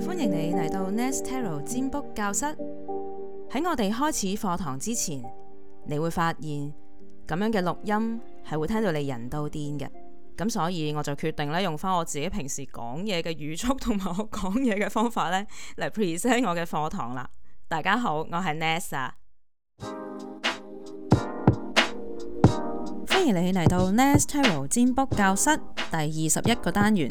歡迎你嚟到 Nest Tarot 佔卜教室。喺我哋開始課堂之前，你會發現咁樣嘅錄音係會聽到你人都癲嘅。咁所以我就決定咧用翻我自己平時講嘢嘅語速同埋我講嘢嘅方法咧嚟 present 我嘅課堂啦。大家好，我係 Nest。歡迎你嚟到 Nest Tarot 佔卜教室第二十一個單元。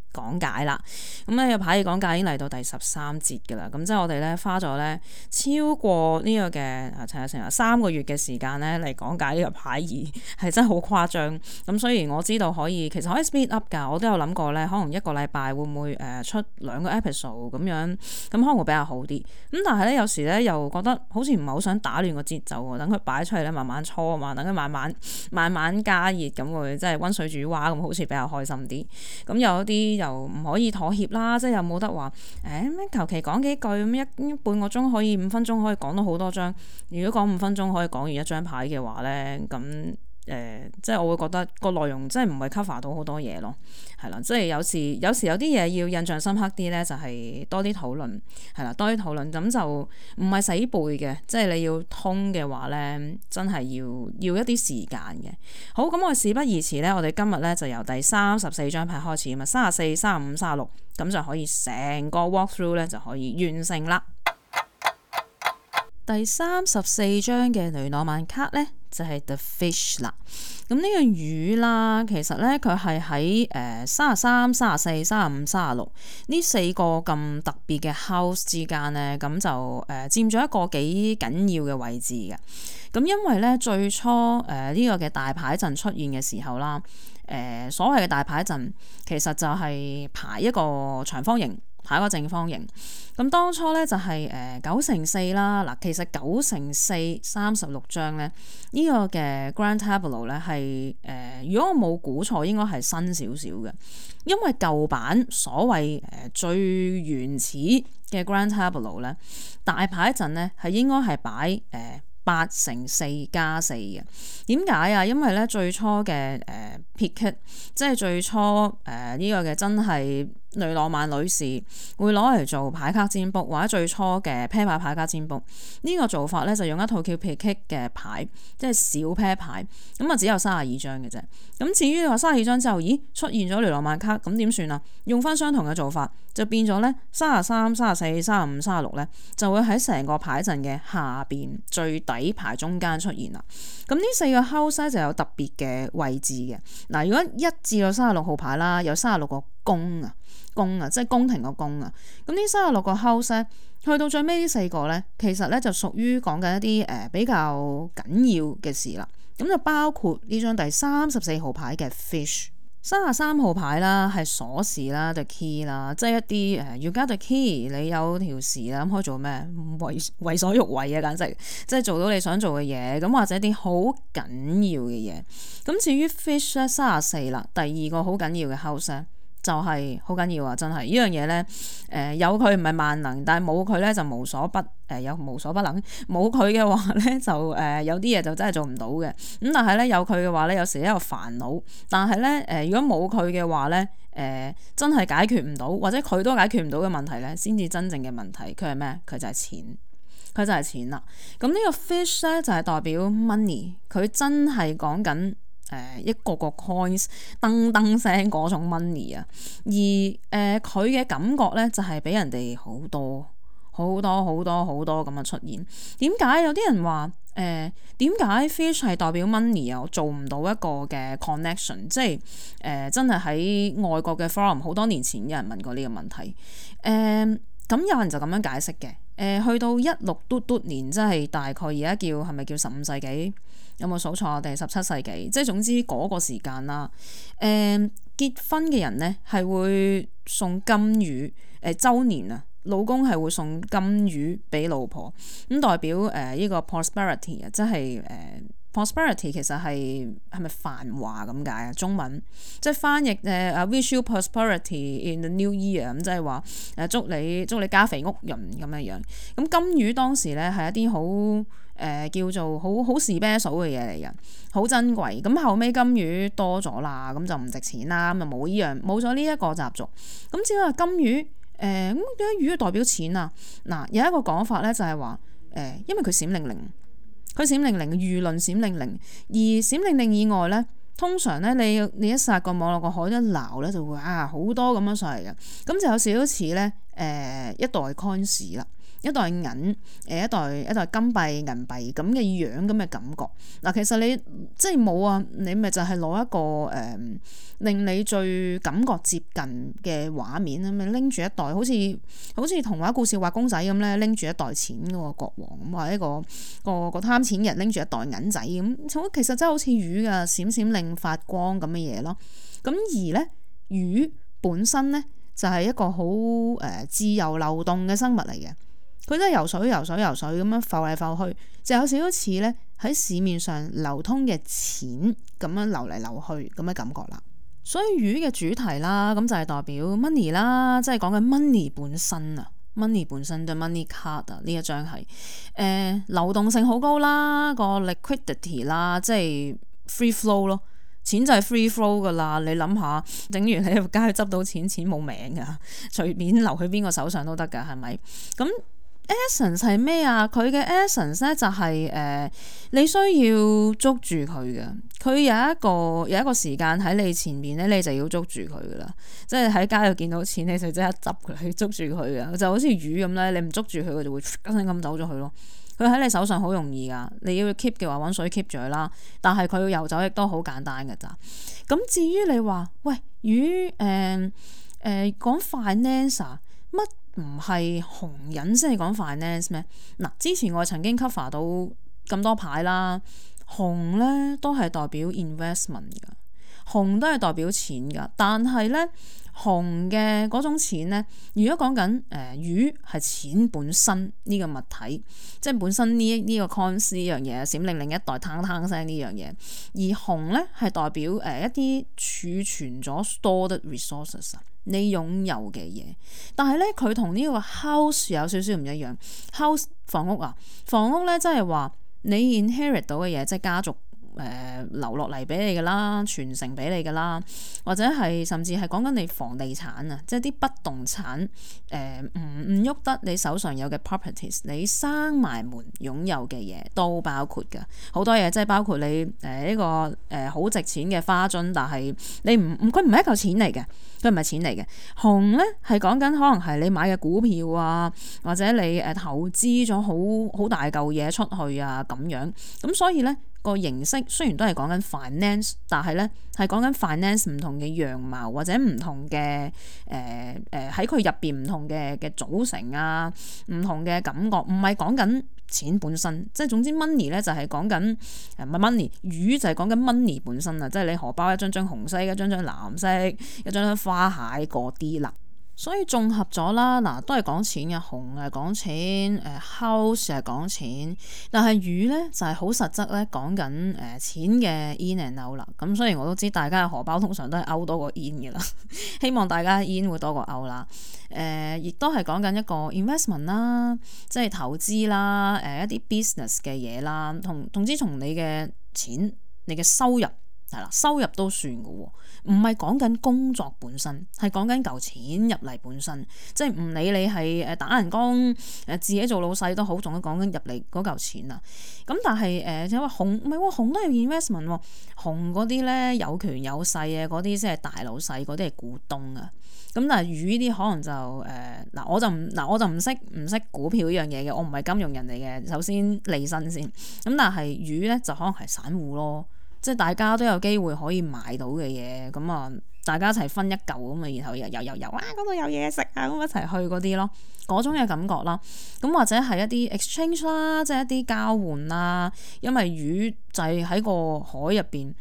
講解啦，咁呢個牌二講解已經嚟到第十三節㗎啦，咁即係我哋咧花咗咧超過呢個嘅陳成啊三個月嘅時間咧嚟講解呢個牌二，係真係好誇張。咁雖然我知道可以，其實可以 speed up 噶。我都有諗過咧，可能一個禮拜會唔會誒、呃、出兩個 episode 咁樣，咁可能會比較好啲。咁但係咧有時咧又覺得好似唔係好想打亂個節奏喎，等佢擺出嚟咧慢慢搓啊嘛，等佢慢慢慢慢加熱咁會即係溫水煮蛙咁，好似比較開心啲。咁有一啲。又唔可以妥協啦，即係又冇得話，誒，咩求其講幾句咁，一半個鐘可以，五分鐘可以講到好多張。如果講五分鐘可以講完一張牌嘅話呢，咁誒、呃，即係我會覺得個內容真係唔係 cover 到好多嘢咯。係啦，即係有，有時有時有啲嘢要印象深刻啲咧，就係、是、多啲討論，係啦，多啲討論，咁就唔係死背嘅，即係你要通嘅話咧，真係要要一啲時間嘅。好，咁我事不宜遲咧，我哋今日咧就由第三十四張牌開始啊嘛，三十四、三十五、三十六，咁就可以成個 walkthrough 咧就可以完成啦。第三十四張嘅雷諾曼卡咧，就係、是、The Fish 啦。咁、嗯、呢、這個魚啦，其實咧佢係喺誒三十三、三十四、三十五、三十六呢四個咁特別嘅 house 之間咧，咁、嗯、就誒佔咗一個幾緊要嘅位置嘅。咁、嗯、因為咧最初誒呢、呃這個嘅大牌陣出現嘅時候啦，誒、呃、所謂嘅大牌陣其實就係排一個長方形。排個正方形，咁當初咧就係誒九乘四啦，嗱其實九乘四三十六張咧，這個、呢個嘅 grand tableau 咧係誒，如果我冇估錯，應該係新少少嘅，因為舊版所謂誒、呃、最原始嘅 grand tableau 咧，大排一陣咧係應該係擺誒八、呃、乘四加四嘅，點解啊？因為咧最初嘅誒、呃、picket 即係最初誒呢、呃這個嘅真係。雷浪曼女士會攞嚟做牌卡占卜，或者最初嘅 pair 牌牌卡占卜呢、呢個做法咧，就用一套叫 Pik 嘅牌，即係小 pair 牌咁啊，只有三十二張嘅啫。咁至於話三十二張之後，咦出現咗雷浪曼卡咁點算啊？用翻相同嘅做法，就變咗咧三十三、三十四、三十五、三十六咧，就會喺成個牌陣嘅下邊最底牌中間出現啦。咁呢四個 house 咧就有特別嘅位置嘅嗱。如果一至到三十六號牌啦，有三十六個。宮啊，宮啊，即係宮廷個宮啊。咁呢三十六個 house 咧，去到最尾呢四個咧，其實咧就屬於講緊一啲誒、呃、比較緊要嘅事啦。咁就包括呢張第三十四號牌嘅 fish，三十三號牌啦，係鎖匙啦，the key 啦，即係一啲誒 you got the key，你有條匙啦，可以做咩？為為所欲為啊，簡直即係做到你想做嘅嘢。咁或者啲好緊要嘅嘢。咁至於 fish 咧，三十四啦，第二個好緊要嘅 house。就係好緊要啊！真係呢樣嘢呢，誒、呃、有佢唔係萬能，但係冇佢呢就無所不誒有、呃、無所不能。冇佢嘅話呢，就誒、呃、有啲嘢就真係做唔到嘅。咁但係呢，有佢嘅話呢，有時呢又一個煩惱。但係呢，誒、呃、如果冇佢嘅話呢，誒、呃、真係解決唔到，或者佢都解決唔到嘅問題呢，先至真正嘅問題。佢係咩？佢就係錢。佢就係錢啦。咁、嗯、呢、這個 fish 呢，就係、是、代表 money。佢真係講緊。誒一個個 coins 噔噔聲嗰種 money 啊，而誒佢嘅感覺咧就係畀人哋好多好多好多好多咁嘅出現。點解有啲人話誒點解 fish 係代表 money 啊？我做唔到一個嘅 connection，即係誒、呃、真係喺外國嘅 forum 好多年前有人問過呢個問題。誒、呃、咁有人就咁樣解釋嘅。誒、呃、去到一六嘟嘟年，即係大概而家叫係咪叫十五世紀？有冇數錯我哋，定係十七世紀？即係總之嗰個時間啦。誒、嗯、結婚嘅人咧，係會送金魚。誒、呃、週年啊，老公係會送金魚俾老婆，咁、嗯、代表誒呢、呃這個 prosperity 啊，即係誒 prosperity 其實係係咪繁華咁解啊？中文即係翻譯誒啊、呃、wish you prosperity in the new year 咁，即係話誒祝你祝你家肥屋潤咁樣樣。咁、嗯、金魚當時咧係一啲好。誒、呃、叫做好好是啤數嘅嘢嚟嘅，好珍貴。咁後尾金魚多咗啦，咁就唔值錢啦，咁就冇呢樣冇咗呢一個習俗。咁至於金魚，誒咁點解魚代表錢啊？嗱、呃、有一個講法咧，就係話誒，因為佢閃靈靈，佢閃靈靈，輿論閃靈靈。而閃靈靈以外咧，通常咧你你一殺個網絡個海一撈咧，就會啊好多咁樣上嚟嘅。咁就有少少似咧誒一代 coin 啦。一袋銀，誒一袋一袋金幣銀幣咁嘅樣咁嘅感覺嗱。其實你即係冇啊，你咪就係攞一個誒、嗯，令你最感覺接近嘅畫面啊，咪拎住一袋好似好似童話故事畫公仔咁咧，拎住一袋錢嗰個國王咁，或者一個一個一個、一個貪錢人拎住一袋銀仔咁。其實真係好似魚㗎，閃閃令發光咁嘅嘢咯。咁而咧，魚本身咧就係、是、一個好誒、呃、自由流動嘅生物嚟嘅。佢都係游水游水游水咁樣浮嚟浮去，就有少少似咧喺市面上流通嘅錢咁樣流嚟流去咁嘅感覺啦。所以魚嘅主題啦，咁就係代表 money 啦，即係講緊 money 本身啊，money 本身對 money card 啊，呢一張係誒流動性好高啦，個 liquidity 啦，即係 free flow 咯，錢就係 free flow 噶啦。你諗下，正如喺街執到錢，錢冇名噶，隨便留去邊個手上都得噶，係咪咁？Ess essence 係咩啊？佢嘅 essence 咧就係誒，你需要捉住佢嘅。佢有一個有一個時間喺你前面咧，你就要捉住佢噶啦。即係喺街度見到錢，你就即刻執佢，捉住佢嘅。就好似魚咁咧，你唔捉住佢，佢就會一聲咁走咗去咯。佢喺你手上好容易噶，你要 keep 嘅話，揾水 keep 住佢啦。但係佢要游走亦都好簡單嘅咋。咁至於你話喂魚誒誒、呃呃、講 finance。乜唔係紅人先係講 finance 咩？嗱，之前我曾經 cover 到咁多牌啦，紅咧都係代表 investment 㗎，紅都係代表錢㗎。但係咧，紅嘅嗰種錢咧，如果講緊誒魚係錢本身呢個物體，即係本身呢呢個 coins 呢樣嘢閃令令一袋㗎聲呢樣嘢，而紅咧係代表誒一啲儲存咗 stored resources 你擁有嘅嘢，但係咧佢同呢個 house 有少少唔一樣。house 房屋啊，房屋咧即係話你 inherit 到嘅嘢，即係家族。誒留落嚟俾你㗎啦，傳承俾你㗎啦，或者係甚至係講緊你房地產啊，即係啲不動產誒，唔唔喐得你手上有嘅 properties，你閂埋門擁有嘅嘢都包括㗎，好多嘢即係包括你誒呢、呃這個誒好、呃、值錢嘅花樽，但係你唔佢唔係一嚿錢嚟嘅，佢唔係錢嚟嘅。紅咧係講緊可能係你買嘅股票啊，或者你誒、呃、投資咗好好大嚿嘢出去啊咁樣，咁所以咧。個形式雖然都係講緊 finance，但係咧係講緊 finance 唔同嘅樣貌或者唔同嘅誒誒喺佢入邊唔同嘅嘅組成啊，唔同嘅感覺，唔係講緊錢本身，即係總之 money 咧就係講緊誒唔係 money，魚，就係講緊 money 本身啊，即係你荷包一張張紅色，一張張藍色，一張張花蟹嗰啲啦。所以綜合咗啦，嗱，都係講錢嘅，紅係講錢，House 係講錢，但係雨咧就係、是、好實質咧講緊誒錢嘅 in and out 啦。咁所以我都知大家嘅荷包通常都係 out 多過 in 嘅啦，希望大家 in 會多過 out 啦。誒、呃，亦都係講緊一個 investment 啦，即係投資啦，誒、呃、一啲 business 嘅嘢啦，同同之同你嘅錢，你嘅收入係啦，收入都算嘅喎。唔係講緊工作本身，係講緊嚿錢入嚟本身，即係唔理你係誒打人工、誒自己做老細都好，仲要講緊入嚟嗰嚿錢啊。咁但係誒，因為紅唔係喎，紅都係 investment 喎，紅嗰啲咧有權有勢啊，嗰啲，即係大老細嗰啲係股東啊。咁但係魚、呃、魚呢？啲可能就誒嗱，我就唔嗱我就唔識唔識股票呢樣嘢嘅，我唔係金融人嚟嘅。首先利身先。咁但係魚咧就可能係散戶咯。即係大家都有機會可以買到嘅嘢，咁啊，大家一齊分一嚿咁啊，然後又遊遊遊，哇！嗰度有嘢食啊，咁一齊去嗰啲咯，嗰種嘅感覺啦。咁或者係一啲 exchange 啦，即係一啲交換啦。因為魚就係喺個海入邊，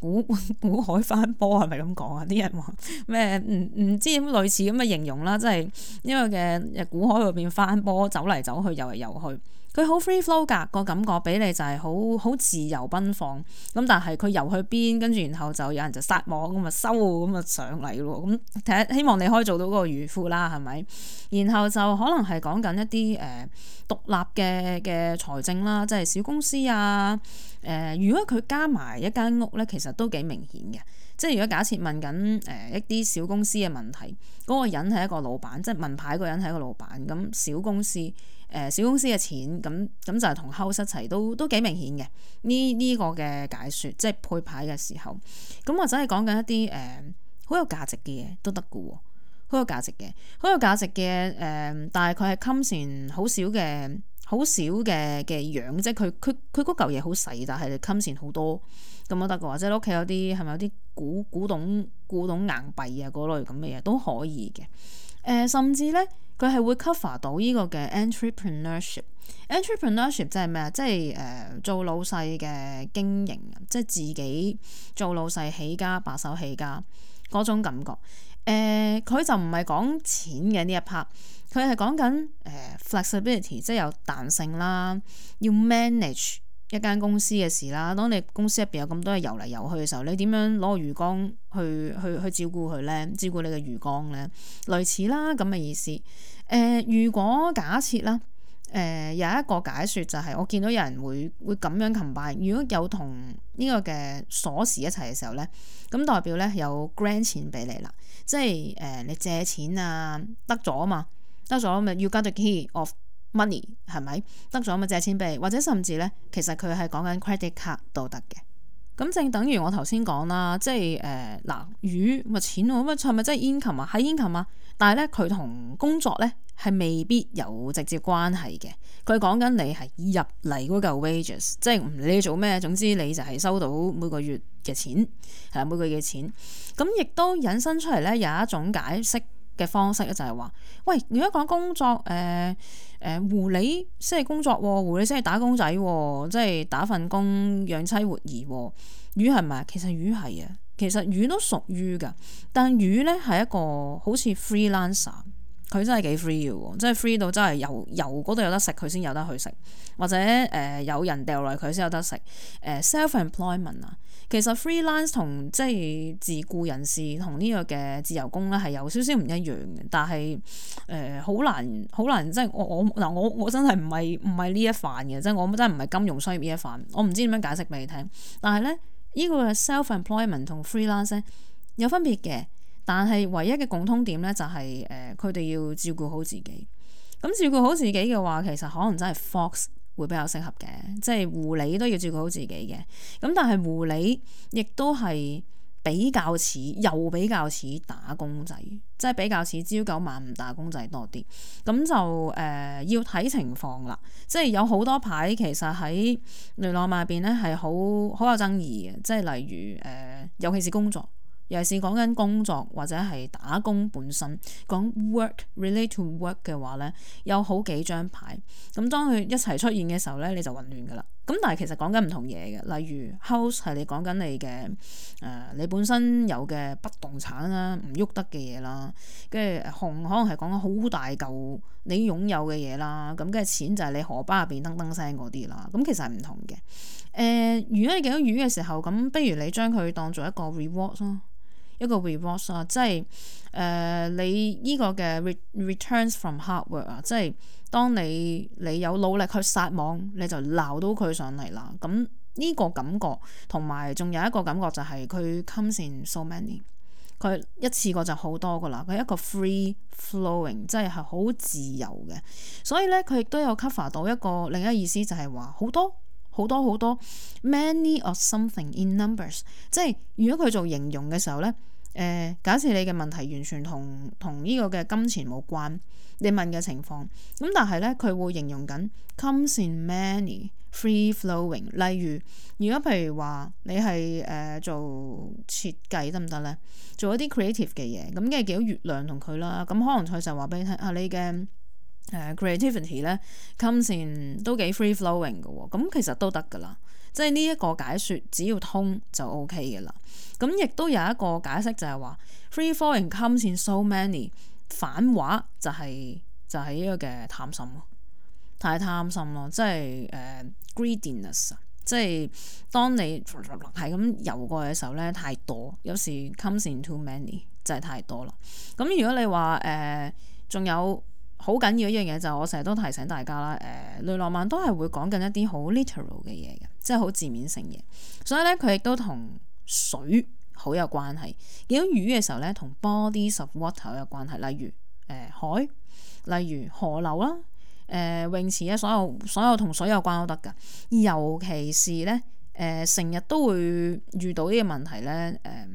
古古海翻波係咪咁講啊？啲人話咩？唔唔知類似咁嘅形容啦，即係因為嘅古海入邊翻波，走嚟走去，游嚟游去。佢好 free flow 㗎，個感覺俾你就係好好自由奔放咁，但係佢游去邊？跟住然後就有人就撒網咁啊，收咁啊上嚟咯，咁，睇希望你可以做到個漁夫啦，係咪？然後就可能係講緊一啲誒。呃獨立嘅嘅財政啦，即係小公司啊，誒、呃，如果佢加埋一間屋咧，其實都幾明顯嘅。即係如果假設問緊誒一啲小公司嘅問題，嗰、那個人係一個老闆，即係問牌嗰人係一個老闆，咁小公司誒、呃、小公司嘅錢，咁咁就係同 house 齊都都幾明顯嘅。呢呢、這個嘅解説，即係配牌嘅時候，咁或者係講緊一啲誒好有價值嘅嘢都得嘅喎。好有價值嘅，好有價值嘅，誒、呃，但係佢係冚前好少嘅，好少嘅嘅樣啫。佢佢佢嗰嚿嘢好細，但係冚前好多咁都得嘅。或者你屋企有啲係咪有啲古古董、古董硬幣啊嗰類咁嘅嘢都可以嘅。誒、呃，甚至咧，佢係會 cover 到呢個嘅 entre entrepreneurship。entrepreneurship 即係咩啊？即係誒做老細嘅經營人，即係自己做老細起家、白手起家嗰種感覺。誒佢、呃、就唔係講錢嘅呢一 part，佢係講緊誒 flexibility，即係有彈性啦。要 manage 一間公司嘅事啦。當你公司入邊有咁多嘢游嚟游去嘅時候，你點樣攞個魚缸去去去，去照顧佢咧？照顧你嘅魚缸咧，類似啦咁嘅意思。誒、呃，如果假設啦，誒、呃、有一個解説就係、是、我見到有人會會咁樣擒拜，如果有同呢個嘅鎖匙一齊嘅時候咧，咁代表咧有 grant 錢俾你啦。即係誒、呃，你借錢啊得咗啊嘛，得咗咪 you got the key of money 係咪？得咗咪借錢俾你，或者甚至咧，其實佢係講緊 credit card 都得嘅。咁正等於我頭先講啦，即係誒嗱，魚、呃、咪錢咁、啊、乜，係咪即係 income 啊？喺 income 啊，但係咧佢同工作咧係未必有直接關係嘅。佢講緊你係入嚟嗰嚿 wages，即係唔理你做咩，總之你就係收到每個月嘅錢，係、啊、每個月嘅錢。咁、嗯、亦都引申出嚟咧有一種解釋。嘅方式咧就係、是、話，喂，如果講工作，誒、呃、誒、呃，狐狸先係工作喎，狐狸先係打工仔喎，即係打份工養妻活兒。魚係咪啊？其實魚係啊，其實魚都屬於㗎，但魚咧係一個好似 freelancer，佢真係幾 free 嘅喎，即係 free 到真係由由嗰度有得食佢先有得去食，或者誒、呃、有人掉落嚟佢先有得食。誒、呃、self employment 啊。Employ ment, 其實 freelance 同即係自雇人士同呢個嘅自由工咧係有少少唔一樣嘅，但係誒好難好難即係我我嗱我我真係唔係唔係呢一範嘅，即係我真係唔係金融商業呢一範，我唔知點樣解釋俾你聽。但係咧，呢、這個 self-employment 同 freelance 有分別嘅，但係唯一嘅共通點咧就係誒佢哋要照顧好自己。咁照顧好自己嘅話，其實可能真係 focus。會比較適合嘅，即係護理都要照顧好自己嘅。咁但係護理亦都係比較似，又比較似打工仔，即係比較似朝九晚五打工仔多啲。咁就誒、呃、要睇情況啦。即係有好多牌其實喺雷諾曼入邊咧係好好有爭議嘅，即係例如誒、呃，尤其是工作。尤其是講緊工作或者係打工本身，講 work relate to work 嘅話呢，有好幾張牌。咁當佢一齊出現嘅時候呢，你就混亂噶啦。咁但係其實講緊唔同嘢嘅，例如 house 係你講緊你嘅誒、呃，你本身有嘅不動產啦，唔喐得嘅嘢啦，跟住紅可能係講緊好大嚿你擁有嘅嘢啦。咁跟住錢就係你荷包入邊噔噔聲嗰啲啦。咁其實係唔同嘅誒、呃。如果你見到魚嘅時候，咁不如你將佢當做一個 reward 咯。一個 reverse 啊，即係誒你呢個嘅 returns from hard work 啊，即係當你你有努力去撒網，你就撈到佢上嚟啦。咁呢個感覺，同埋仲有一個感覺就係佢 comes in so many，佢一次過就好多噶啦。佢一個 free flowing，即係係好自由嘅。所以咧，佢亦都有 cover 到一個另一個意思就係話好多。好多好多，many of something in numbers，即係如果佢做形容嘅時候呢，誒、呃，假設你嘅問題完全同同呢個嘅金錢無關，你問嘅情況，咁但係呢，佢會形容緊 comes in many free flowing，例如如果譬如話你係誒、呃、做設計得唔得呢？做一啲 creative 嘅嘢，咁嘅幾多月亮同佢啦，咁可能佢就話俾你聽啊，你嘅。誒、uh, creativity 咧 comes in 都幾 free flowing 嘅喎，咁其實都得噶啦，即係呢一個解說只要通就 OK 嘅啦。咁亦都有一個解釋就係話 free flowing comes in so many 反話就係就係呢個嘅貪心，太貪心咯，即係誒 greediness 即係當你係咁游過嘅時候咧，太多，有時 comes in too many 真係太多啦。咁如果你話誒仲有。好緊要一樣嘢就我成日都提醒大家啦。誒、呃，雷諾曼都係會講緊一啲好 literal 嘅嘢嘅，即係好字面性嘅。所以咧，佢亦都同水好有關係。見到魚嘅時候咧，同 bodies of water 有關係，例如誒、呃、海，例如河流啦，誒、呃、泳池咧，所有所有同水有關都得㗎。尤其是咧，誒、呃、成日都會遇到呢個問題咧。誒、呃，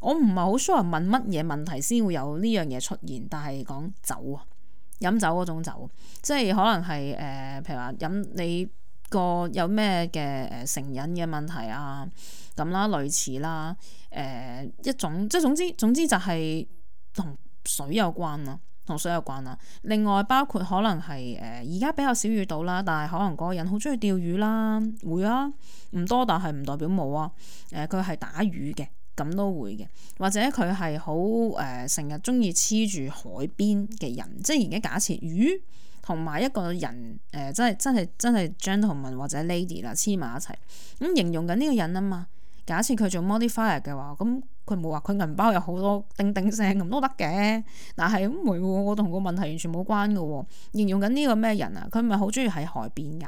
我唔係好 sure 問乜嘢問題先會有呢樣嘢出現，但係講酒。啊！飲酒嗰種酒，即係可能係誒，譬如話飲你個有咩嘅誒成癮嘅問題啊，咁啦，類似啦，誒一種，即係總之總之就係同水有關啦，同水有關啦。另外包括可能係誒，而家比較少遇到啦，但係可能嗰個人好鍾意釣魚啦，會啊，唔多但係唔代表冇啊，誒佢係打魚嘅。咁都會嘅，或者佢係好誒成日中意黐住海邊嘅人，即係而家假設魚同埋一個人誒，即、呃、係真係真係 gentleman 或者 lady 啦黐埋一齊咁、嗯、形容緊呢個人啊嘛。假設佢做 modifier 嘅話，咁佢冇話佢銀包有好多叮叮聲咁都得嘅，但係唔會喎。我同個問題完全冇關㗎喎、嗯。形容緊呢個咩人啊？佢咪好中意喺海邊㗎，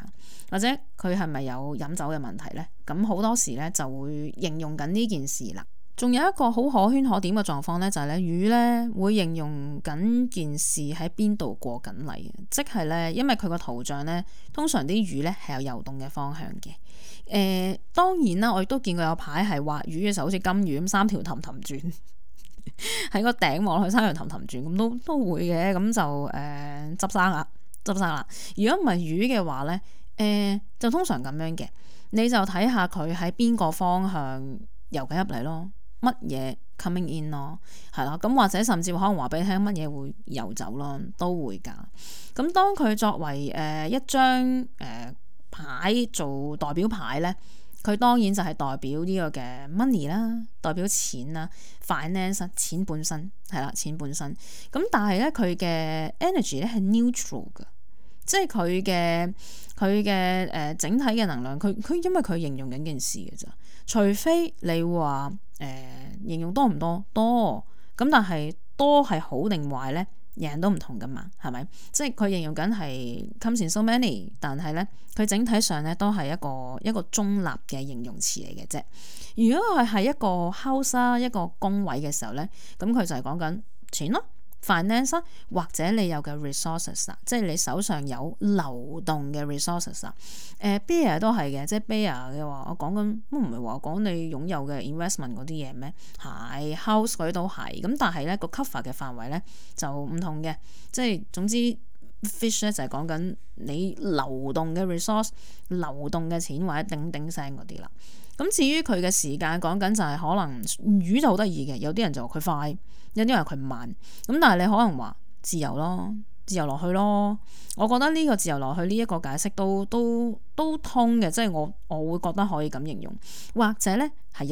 或者佢係咪有飲酒嘅問題咧？咁、嗯、好多時咧就會形容緊呢件事啦。仲有一個好可圈可點嘅狀況呢，就係呢，魚呢會形容緊件事喺邊度過緊嚟。即係呢，因為佢個圖像呢，通常啲魚呢係有游動嘅方向嘅。誒、呃，當然啦，我亦都見過有牌係畫魚嘅時候，好似金魚咁三條氹氹轉喺個頂望落去，三條氹氹轉咁都都會嘅。咁就誒執生啦，執生啦。如果唔係魚嘅話呢，誒、呃、就通常咁樣嘅，你就睇下佢喺邊個方向游緊入嚟咯。乜嘢 coming in 咯，係啦，咁或者甚至可能話俾你聽乜嘢會游走咯，都會噶。咁當佢作為誒、呃、一張誒、呃、牌做代表牌咧，佢當然就係代表呢個嘅 money 啦，代表錢啦，finance 錢本身，係啦，錢本身。咁但係咧佢嘅 energy 咧係 neutral 噶。即係佢嘅佢嘅誒整體嘅能量，佢佢因為佢形容緊件事嘅咋，除非你話誒、呃、形容多唔多多，咁但係多係好定壞咧，人人都唔同噶嘛，係咪？即係佢形容緊係 contain so many，但係咧佢整體上咧都係一個一個中立嘅形容詞嚟嘅啫。如果佢係一個敲沙一個恭位嘅時候咧，咁佢就係講緊錢咯。finance、啊、或者你有嘅 resources、啊、即係你手上有流動嘅 resources 啊。誒、呃、bear 都係嘅，即係 bear 嘅話，我講緊都唔係話講你擁有嘅 investment 嗰啲嘢咩？係 house 佢都係，咁但係咧個 cover 嘅範圍咧就唔同嘅。即係總之 fish 咧就係講緊你流動嘅 resource、流動嘅錢或者叮叮聲嗰啲啦。咁至於佢嘅時間講緊就係可能魚就好得意嘅，有啲人就話佢快。因為佢慢，咁但係你可能話自由咯，自由落去咯。我覺得呢個自由落去呢一個解釋都都都通嘅，即係我我會覺得可以咁形容，或者呢係一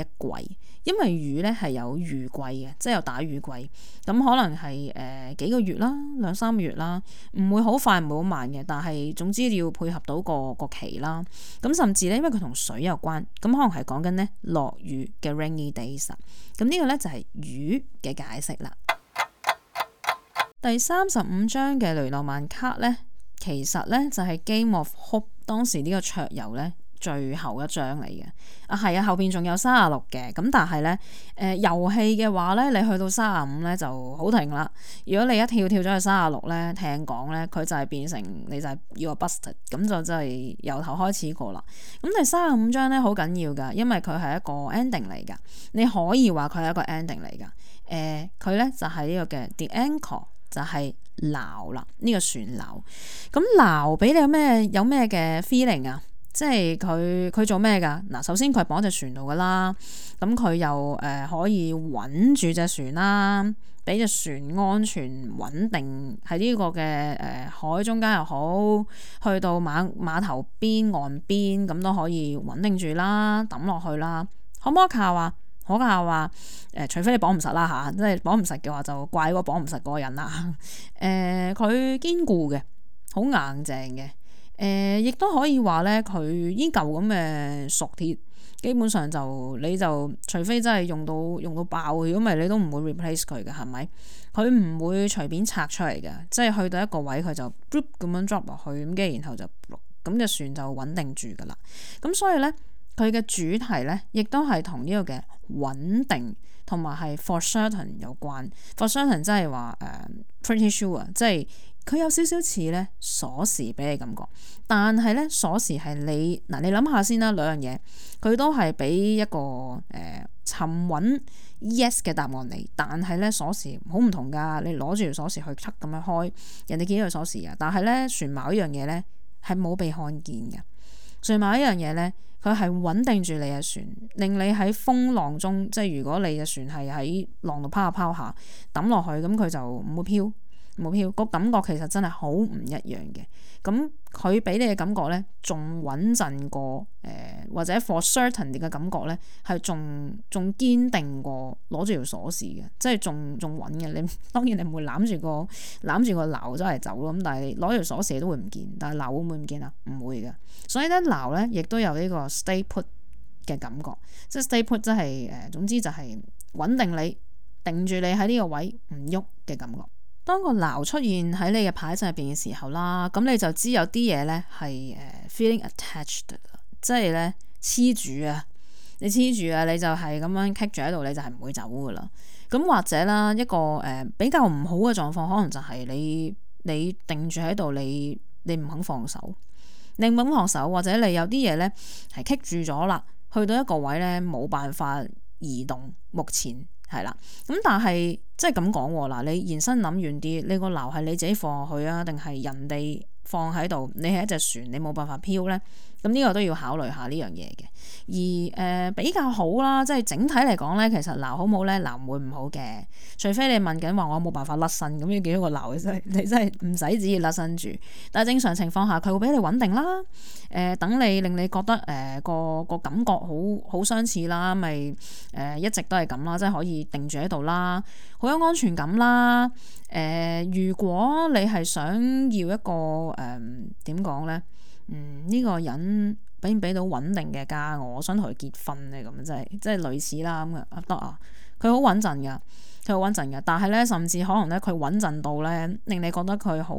季。因為雨咧係有雨季嘅，即係有打雨季，咁可能係誒、呃、幾個月啦，兩三個月啦，唔會好快，唔會好慢嘅，但係總之要配合到個個期啦。咁甚至咧，因為佢同水有關，咁可能係講緊咧落雨嘅 Rainy Days。咁呢個咧就係雨嘅解釋啦。第三十五張嘅雷諾曼卡咧，其實咧就係 Game of Hope，當時呢個桌遊咧。最後一章嚟嘅啊，係啊，後邊仲有三十六嘅。咁，但係咧，誒、呃，遊戲嘅話咧，你去到三十五咧就好停啦。如果你一跳跳咗去三十六咧，聽講咧，佢就係變成你就係要個 busted 咁就真係由頭開始過啦。咁第三十五章咧好緊要噶，因為佢係一個 ending 嚟噶，你可以話佢係一個 ending 嚟噶。誒、呃，佢咧就係、是、呢、這個嘅 the anchor 就係錨啦，呢個船錨，咁錨俾你有咩有咩嘅 feeling 啊？即係佢佢做咩噶？嗱，首先佢係綁喺隻船度噶啦，咁佢又誒、呃、可以穩住隻船啦，俾隻船安全穩定喺呢個嘅誒、呃、海中間又好，去到碼碼頭邊岸邊咁都可以穩定住啦，抌落去啦。可唔可以靠話？可靠話？誒、呃，除非你綁唔實啦嚇，即係綁唔實嘅話就怪嗰個綁唔實個人啦。誒、啊，佢堅固嘅，好硬淨嘅。誒，亦都、呃、可以話咧，佢依舊咁嘅熟鐵，基本上就你就除非真係用到用到爆，如果唔係你都唔會 replace 佢嘅，係咪？佢唔會隨便拆出嚟嘅，即係去到一個位佢就咁樣 drop 落去，咁跟住然後就咁隻船就穩定住噶啦。咁所以咧，佢嘅主題咧，亦都係同呢個嘅穩定同埋係 for certain 有關 ，for certain 即係話誒 pretty sure，即係。佢有少少似咧鎖匙俾你感覺，但係咧鎖匙係你嗱、啊，你諗下先啦，兩樣嘢，佢都係俾一個誒沉穩 yes 嘅答案你，但係咧鎖匙好唔同㗎，你攞住條鎖匙去測咁樣開，人哋見到鎖匙啊，但係咧船錨一樣嘢咧係冇被看見嘅船錨一樣嘢咧，佢係穩定住你嘅船，令你喺風浪中即係如果你嘅船係喺浪度拋下拋下揼落去咁，佢就唔會漂。冇票個感覺其實真係好唔一樣嘅。咁佢俾你嘅感覺咧，仲穩陣過誒、呃，或者 for certain 你嘅感覺咧係仲仲堅定過攞住條鎖匙嘅，即係仲仲穩嘅。你當然你唔會攬住個攬住個樓走嚟，走咯。咁但係攞住條鎖匙都會唔見，但係樓會唔會唔見啊？唔會嘅。所以咧，樓咧亦都有呢個 stay put 嘅感覺，即係 stay put，即係誒，總之就係穩定你定住你喺呢個位唔喐嘅感覺。當個鬧出現喺你嘅牌上入邊嘅時候啦，咁你就知有啲嘢咧係誒 feeling attached 啦，即係咧黐住啊，你黐住啊，你就係咁樣棘住喺度，你就係唔會走噶啦。咁或者啦，一個誒、呃、比較唔好嘅狀況，可能就係你你定住喺度，你你唔肯放手，你唔肯放手，或者你有啲嘢咧係棘住咗啦，去到一個位咧冇辦法移動，目前係啦，咁但係。即係咁講嗱，你延伸諗遠啲，你個流係你自己放落去啊，定係人哋放喺度？你係一隻船，你冇辦法漂呢？咁呢個都要考慮下呢樣嘢嘅，而誒、呃、比較好啦，即係整體嚟講呢，其實鬧好唔好呢，鬧唔會唔好嘅，除非你問緊話我冇辦法甩身，咁要幾多個鬧嘅啫，你真係唔使旨意甩身住。但係正常情況下，佢會俾你穩定啦，誒、呃、等你令你覺得誒、呃、個個，個感覺好好相似啦，咪、呃、誒一直都係咁啦，即係可以定住喺度啦，好有安全感啦，誒、呃、如果你係想要一個誒點講呢？嗯，呢個人俾唔俾到穩定嘅家，我想同佢結婚咧，咁啊係，即係類似啦咁嘅。得啊，佢好穩陣嘅，佢好穩陣嘅。但係咧，甚至可能咧，佢穩陣到咧，令你覺得佢好。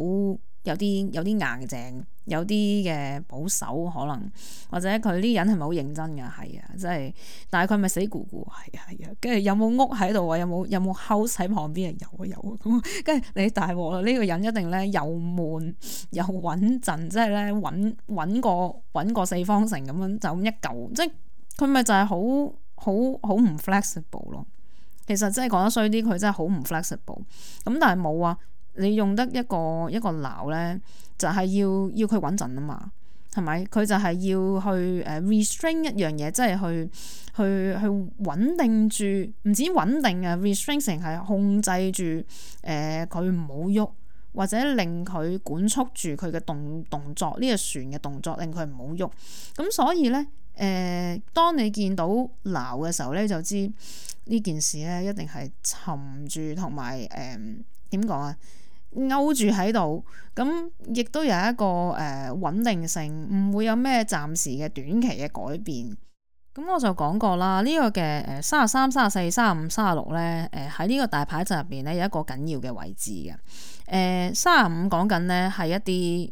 有啲有啲硬淨，有啲嘅保守可能，或者佢啲人係咪好認真㗎？係啊，即係，但係佢咪死咕咕，係啊係啊，跟住有冇屋喺度啊？有冇有冇 house 喺旁邊啊？有啊有啊，咁跟住你大鑊啦！呢個人一定咧又悶又穩陣，即係咧揾揾個揾個四方城咁樣，就咁一嚿，即係佢咪就係好好好唔 flexible 咯？其實真係講得衰啲，佢真係好唔 flexible。咁但係冇啊。你用得一個一個鬧咧，就係、是、要要佢穩陣啊嘛，係咪？佢就係要去誒 restrain 一樣嘢，即係去去去穩定住，唔止穩定啊 restraining 係控制住誒佢唔好喐，或者令佢管束住佢嘅動動作呢個船嘅動作，這個、動作令佢唔好喐。咁所以咧誒、呃，當你見到鬧嘅時候咧，就知呢件事咧一定係沉住同埋誒點講啊？勾住喺度，咁亦都有一個誒、呃、穩定性，唔會有咩暫時嘅短期嘅改變。咁我就講過啦，這個呃、33, 34, 35, 呢個嘅誒三十三、三十四、三十五、三十六咧，誒喺呢個大牌陣入邊咧有一個緊要嘅位置嘅。誒三十五講緊咧係一啲誒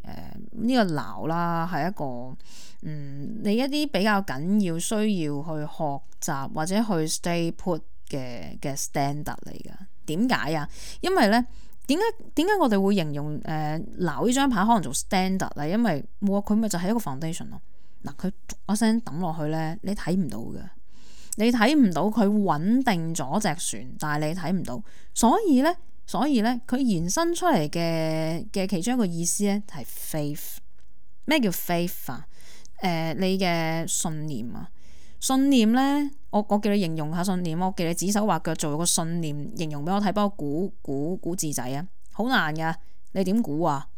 呢個鬧啦，係一個嗯你一啲比較緊要需要去學習或者去 stay put 嘅嘅 standard 嚟㗎。點解啊？因為咧。點解？點解我哋會形容誒，拿呢張牌可能做 standard 啊？因為冇啊，佢咪就係一個 foundation 咯。嗱，佢一聲抌落去咧，你睇唔到嘅，你睇唔到佢穩定咗隻船，但係你睇唔到。所以咧，所以咧，佢延伸出嚟嘅嘅其中一個意思咧係 faith。咩 fa 叫 faith 啊？誒、呃，你嘅信念啊？信念咧，我我叫你形容下信念，我叫你指手畫腳做個信念形容俾我睇，不過估估估字仔啊，好難噶，你點估啊？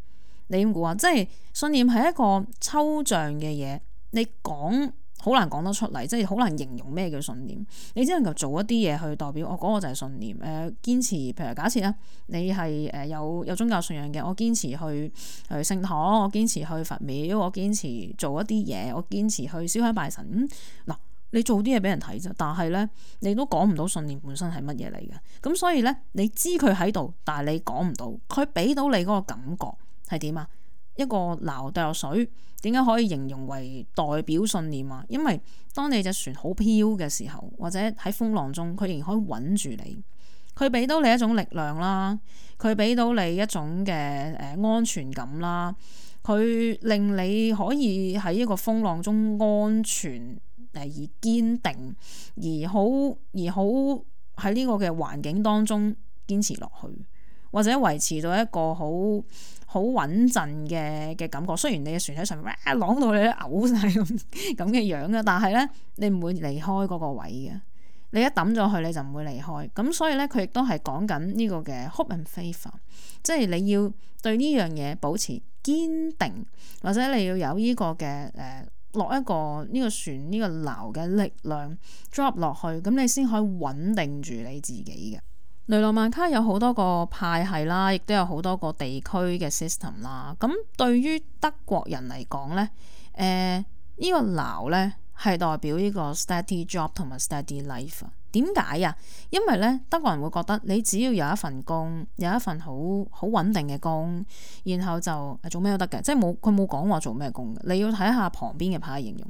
你點估啊？即係信念係一個抽象嘅嘢，你講好難講得出嚟，即係好難形容咩叫信念。你只能夠做一啲嘢去代表我，我嗰個就係信念誒、呃，堅持。譬如假設咧，你係誒有有宗教信仰嘅，我堅持去誒聖堂，我堅持去佛廟，我堅持做一啲嘢，我堅持去燒香拜神嗱。嗯。你做啲嘢俾人睇啫，但係咧，你都講唔到信念本身係乜嘢嚟嘅。咁所以咧，你知佢喺度，但係你講唔到佢俾到你嗰個感覺係點啊？一個錨掉落水點解可以形容為代表信念啊？因為當你隻船好飄嘅時候，或者喺風浪中，佢仍然可以穩住你。佢俾到你一種力量啦，佢俾到你一種嘅誒安全感啦，佢令你可以喺一個風浪中安全。誒，而堅定，而好，而好喺呢個嘅環境當中堅持落去，或者維持到一個好好穩陣嘅嘅感覺。雖然你嘅船喺上面，哇，浪到你咧嘔晒咁咁嘅樣嘅，但係咧你唔會離開嗰個位嘅。你一抌咗佢，你就唔會離開。咁所以咧，佢亦都係講緊呢個嘅 hope and faith，ful, 即係你要對呢樣嘢保持堅定，或者你要有呢個嘅誒。呃落一個呢個船呢個樓嘅力量 drop 落去，咁你先可以穩定住你自己嘅。雷諾曼卡有好多個派系啦，亦都有好多個地區嘅 system 啦。咁對於德國人嚟講呢，誒、呃、呢個樓呢，係代表呢個 steady job 同埋 steady life。點解啊？因為咧，德國人會覺得你只要有一份工，有一份好好穩定嘅工，然後就做咩都得嘅，即係冇佢冇講話做咩工嘅。你要睇下旁邊嘅牌嘅形容，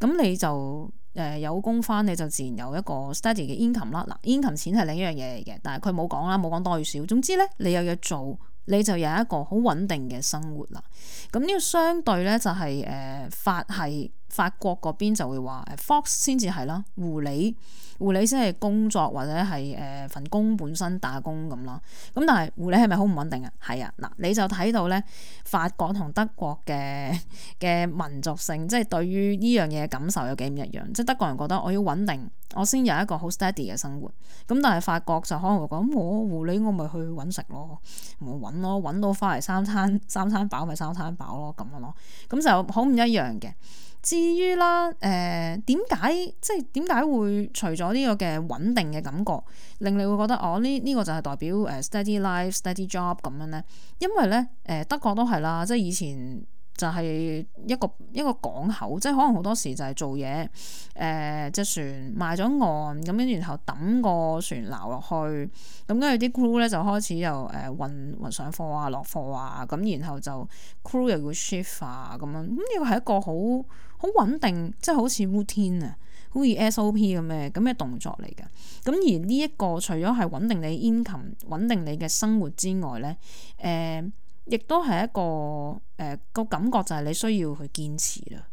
咁你就誒、呃、有工返，你就自然有一個 steady 嘅 income 啦。嗱，income 錢係另一樣嘢嚟嘅，但係佢冇講啦，冇講多與少。總之咧，你有嘢做，你就有一個好穩定嘅生活啦。咁呢個相對咧就係、是、誒、呃、法系。法國嗰邊就會話誒 Fox 先至係啦，狐狸狐狸先係工作或者係誒份工本身打工咁啦。咁但係狐狸係咪好唔穩定啊？係啊，嗱，你就睇到咧法國同德國嘅嘅民族性，即係對於呢樣嘢嘅感受有幾唔一樣。即係德國人覺得我要穩定，我先有一個好 steady 嘅生活。咁但係法國就可能會講我狐狸，我咪去揾食咯，我揾咯揾到翻嚟三餐、三餐飽咪三餐飽咯咁樣咯，咁就好唔一樣嘅。至於啦，誒點解即係點解會除咗呢個嘅穩定嘅感覺，令你會覺得哦呢呢、呢個就係代表誒 steady life steady job 咁樣咧？因為咧誒、呃、德國都係啦，即係以前就係一個一個港口，即係可能好多時就係做嘢誒，隻船賣咗岸咁樣，然後抌個船流落去咁，跟住啲 crew 咧就開始又誒運、呃、運上貨啊落貨啊咁，然後就 crew 又要 shift 啊咁樣，咁呢個係一個好好穩定，即係好似 routine 啊，好似 SOP 咁嘅咁嘅動作嚟㗎。咁而呢一個除咗係穩定你 income 穩定你嘅生活之外咧，誒、呃，亦都係一個誒個、呃、感覺就係你需要去堅持啦。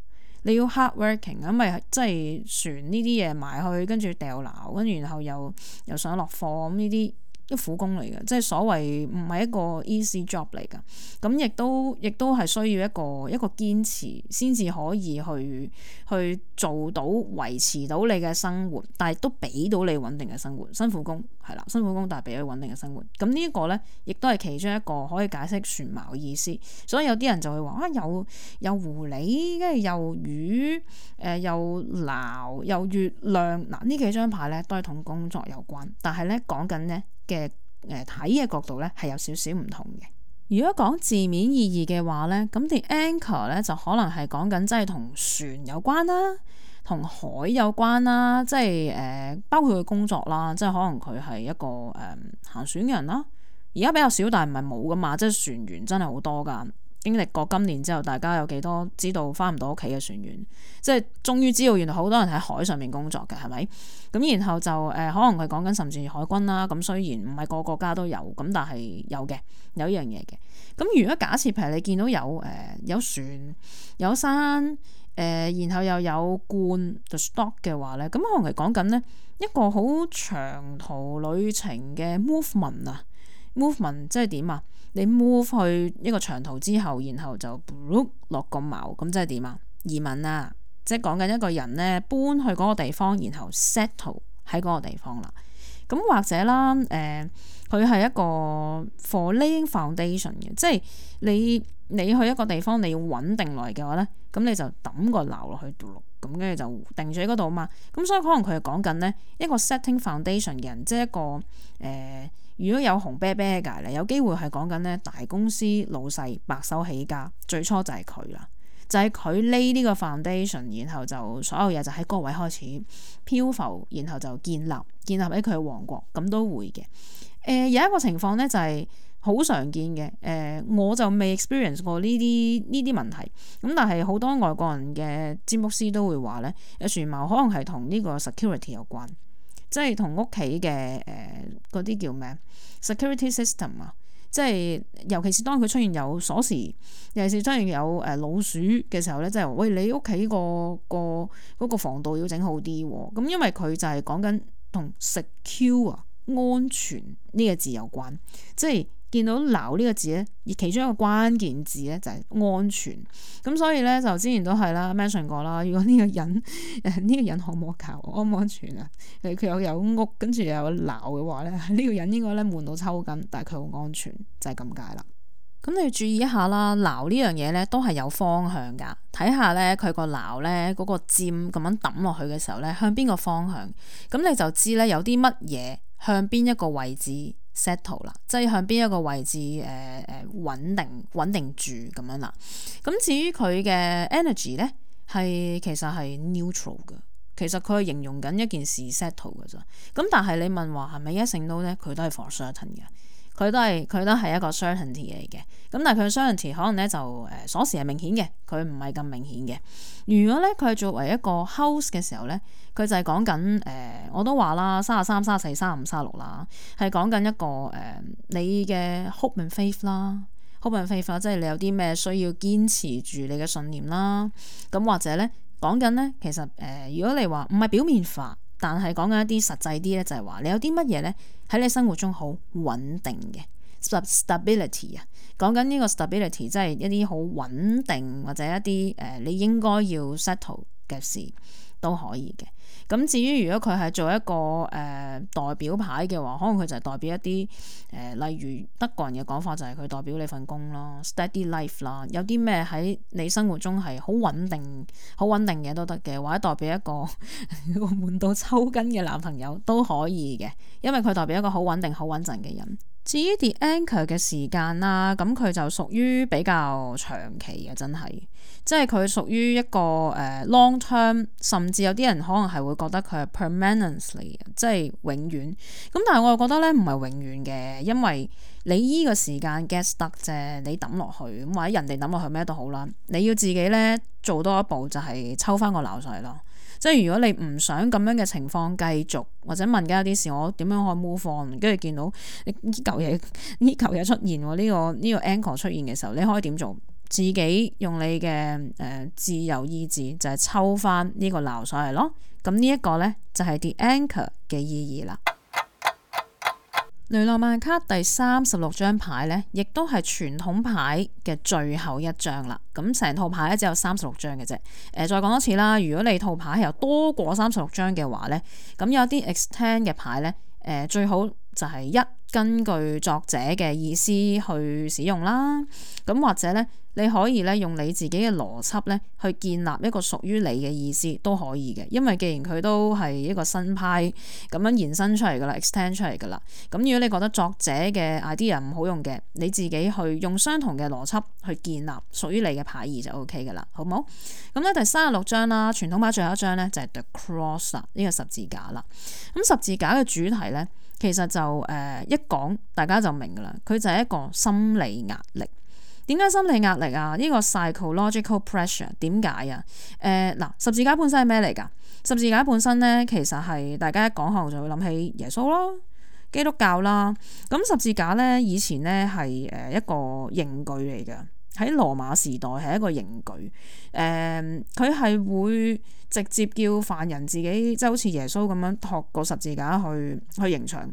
你要 hardworking，因為即係船呢啲嘢埋去，跟住掉樓，跟住然後又又上落貨咁呢啲。一苦工嚟嘅，即係所謂唔係一個 easy job 嚟嘅。咁亦都亦都係需要一個一個堅持，先至可以去去做到維持到你嘅生活，但係都俾到你穩定嘅生活。辛苦工係啦，辛苦工，但係俾你穩定嘅生活。咁呢個咧，亦都係其中一個可以解釋船錨意思。所以有啲人就會話啊，有有狐狸，跟住又魚，誒、呃，又錨又月亮嗱，幾張呢幾張牌咧都係同工作有關，但係咧講緊咧嘅誒睇嘅角度咧係有少少唔同嘅。如果講字面意義嘅話咧，咁啲 anchor 咧就可能係講緊即係同船有關啦、啊，同海有關啦、啊，即係誒、呃、包括佢工作啦、啊，即係可能佢係一個誒、呃、行船嘅人啦、啊。而家比較少，但係唔係冇㗎嘛，即係船員真係好多㗎。經歷過今年之後，大家有幾多知道翻唔到屋企嘅船員？即係終於知道原來好多人喺海上面工作嘅，係咪？咁然後就誒、呃，可能佢講緊甚至海軍啦。咁雖然唔係個個國家都有，咁但係有嘅有一樣嘢嘅。咁如果假設譬如你見到有誒、呃、有船有山誒、呃，然後又有罐就 stock 嘅話咧，咁可能係講緊呢一個好長途旅程嘅 movement 啊，movement 即係點啊？你 move 去一個長途之後，然後就碌落個矛，咁即係點啊？移民啊，即係講緊一個人咧搬去嗰個地方，然後 settle 喺嗰個地方啦。咁或者啦，誒佢係一個 for laying foundation 嘅，即係你你去一個地方，你要穩定落嚟嘅話咧，咁你就抌個樓落去，咁跟住就定住喺嗰度啊嘛。咁、嗯、所以可能佢係講緊咧一個 setting foundation 嘅人，即係一個誒。呃如果有紅啤啤㗎咧，有機會係講緊咧大公司老細白手起家，最初就係佢啦，就係佢匿呢個 foundation，然後就所有嘢就喺嗰位開始漂浮，然後就建立建立喺佢嘅王國，咁都會嘅。誒、呃、有一個情況呢，就係好常見嘅。誒、呃、我就未 experience 過呢啲呢啲問題，咁但係好多外國人嘅占卜師都會話呢有船帽可能係同呢個 security 有關。即係同屋企嘅，誒、嗰啲叫咩 security system 啊，即係尤其是當佢出現有鎖匙，尤其是出現有誒、老鼠嘅時候咧，即係喂你屋企個個嗰個防盜要整好啲喎，咁因為佢就係講緊同 secure 啊安全呢個字有關，即係。.見到“撈”呢、這個字咧，而其中一個關鍵字咧就係、是、安全咁，所以咧就之前都係啦，mention 過啦。如果呢個人誒呢 個人可唔可靠、安唔安全啊？佢又有屋，跟住又有撈嘅話咧，呢、這個人應該咧悶到抽筋，但係佢好安全，就係咁解啦。咁你要注意一下啦，撈呢樣嘢咧都係有方向噶，睇下咧佢個撈咧嗰個尖咁樣抌落去嘅時候咧，向邊個方向咁，你就知咧有啲乜嘢向邊一個位置。Settle 啦，S S ettle，即係向邊一個位置誒誒穩定穩定住咁樣啦。咁至於佢嘅 energy 咧，係其實係 neutral 噶。其實佢係形容緊一件事 settle 噶咋。咁但係你問話係咪一成到咧？佢都係 for certain 嘅。佢都係佢都係一個 certainty 嚟嘅，咁但係佢 certainty 可能咧就誒、呃、鎖匙係明顯嘅，佢唔係咁明顯嘅。如果咧佢係作為一個 house 嘅時候咧，佢就係講緊誒，我都話啦，三十三、三十四、三十五、三十六啦，係講緊一個誒，你嘅 hope and faith 啦，hope and faith 即係你有啲咩需要堅持住你嘅信念啦。咁或者咧講緊咧，其實誒、呃，如果你話唔係表面化。但係講緊一啲實際啲咧，就係話你有啲乜嘢咧喺你生活中好穩定嘅 stability 啊，講緊呢個 stability 即係一啲好穩定或者一啲誒、呃、你應該要 settle 嘅事。都可以嘅。咁至於如果佢係做一個誒、呃、代表牌嘅話，可能佢就係代表一啲誒、呃，例如德國人嘅講法就係佢代表你份工咯，steady life 啦。有啲咩喺你生活中係好穩定、好穩定嘅都得嘅，或者代表一個一個 悶到抽筋嘅男朋友都可以嘅，因為佢代表一個好穩定、好穩陣嘅人。至於 the anchor 嘅時間啦，咁佢就屬於比較長期嘅，真係即係佢屬於一個誒、呃、long term，甚至有啲人可能係會覺得佢係 permanently，即係永遠。咁但係我又覺得咧唔係永遠嘅，因為你依個時間 get 得啫，你抌落去咁或者人哋抌落去咩都好啦，你要自己咧做多一步就係抽返個鬧水咯。即係如果你唔想咁樣嘅情況繼續，或者問緊一啲事，我點樣可以 move on？跟住見到呢舊嘢，呢舊嘢出現喎，呢、呢個呢、呢個 anchor 出現嘅時候，你可以點做？自己用你嘅誒、呃、自由意志，就係、是、抽翻呢個鬧曬嚟咯。咁、嗯這個、呢一個咧，就係、是、啲 anchor 嘅意義啦。雷諾曼卡第三十六張牌咧，亦都係傳統牌嘅最後一張啦。咁成套牌咧只有三十六張嘅啫。誒，再講多次啦，如果你套牌有多過三十六張嘅話咧，咁有啲 extend 嘅牌咧，誒，最好就係一根據作者嘅意思去使用啦。咁或者咧，你可以咧用你自己嘅邏輯咧去建立一個屬於你嘅意思都可以嘅，因為既然佢都係一個新派咁樣延伸出嚟噶啦，extend 出嚟噶啦。咁如果你覺得作者嘅 idea 唔好用嘅，你自己去用相同嘅邏輯去建立屬於你嘅牌意就 OK 嘅啦，好唔好？咁、嗯、咧第三十六章啦，傳統派最後一張咧就係 The Cross 啦，呢個十字架啦。咁十字架嘅主題咧，其實就誒、呃、一講大家就明噶啦，佢就係一個心理壓力。點解心理壓力啊？呢、這個 psychological pressure 點解啊？誒嗱，十字架本身係咩嚟㗎？十字架本身咧其實係大家一講後就會諗起耶穌咯，基督教啦。咁十字架咧以前咧係誒一個刑具嚟㗎，喺羅馬時代係一個刑具。誒佢係會直接叫犯人自己即係、就是、好似耶穌咁樣托個十字架去去刑場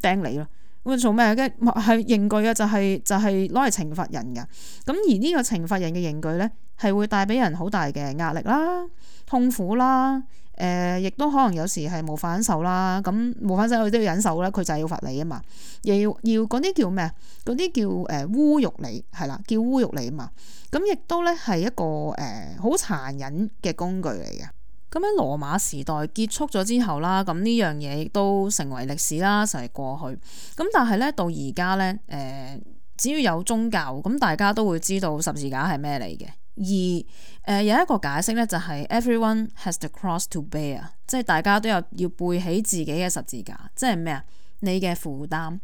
釘你咯。會做咩嘅係刑具啊？就係、係、就係攞嚟懲罰人噶。咁而個懲罰呢個懲罰人嘅刑具咧，係會帶俾人好大嘅壓力啦、痛苦啦。誒、呃，亦都可能有時係冇反手啦。咁冇反手，佢都要忍受啦。佢就係要罰你啊嘛，又要要嗰啲叫咩啊？嗰啲叫誒、呃、侮辱你係啦，叫侮辱你啊嘛。咁亦都咧係一個誒好殘忍嘅工具嚟嘅。咁喺羅馬時代結束咗之後啦，咁呢樣嘢亦都成為歷史啦，就係過去。咁但係咧，到而家咧，誒，只要有宗教，咁大家都會知道十字架係咩嚟嘅。二，誒有一個解釋咧，就係 everyone has the cross to bear，即係大家都有要背起自己嘅十字架，即係咩啊？你嘅負擔，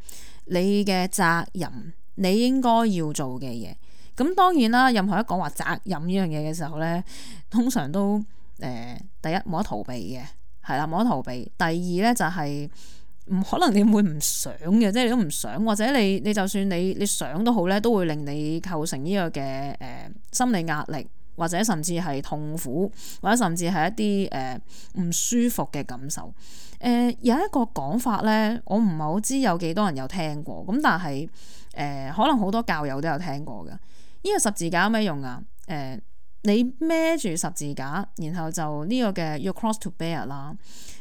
你嘅責任，你應該要做嘅嘢。咁當然啦，任何一講話責任呢樣嘢嘅時候咧，通常都。誒第一冇得逃避嘅，係啦冇得逃避。第二咧就係、是、唔可能你會唔想嘅，即係你都唔想，或者你你就算你你想都好咧，都會令你構成呢個嘅誒心理壓力，或者甚至係痛苦，或者甚至係一啲誒唔舒服嘅感受。誒、呃、有一個講法咧，我唔係好知有幾多人有聽過，咁但係誒、呃、可能好多教友都有聽過嘅。呢、這個十字架有咩用啊？誒、呃。你孭住十字架，然後就呢個嘅 your cross to bear 啦。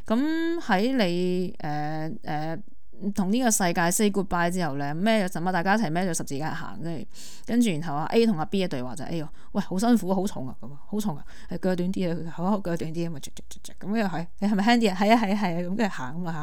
咁喺你誒誒。呃呃同呢個世界 say goodbye 之後咧，孭實物大家一齊孭住十字架行，跟住跟住然後啊 A 同阿 B 嘅對話就係：哎呦，喂好辛苦，好重啊，咁好重啊，係腳短啲啊，好啊腳短啲啊嘛，咁咁又係你係咪輕啲啊？係啊係啊係啊，咁跟住行咁啊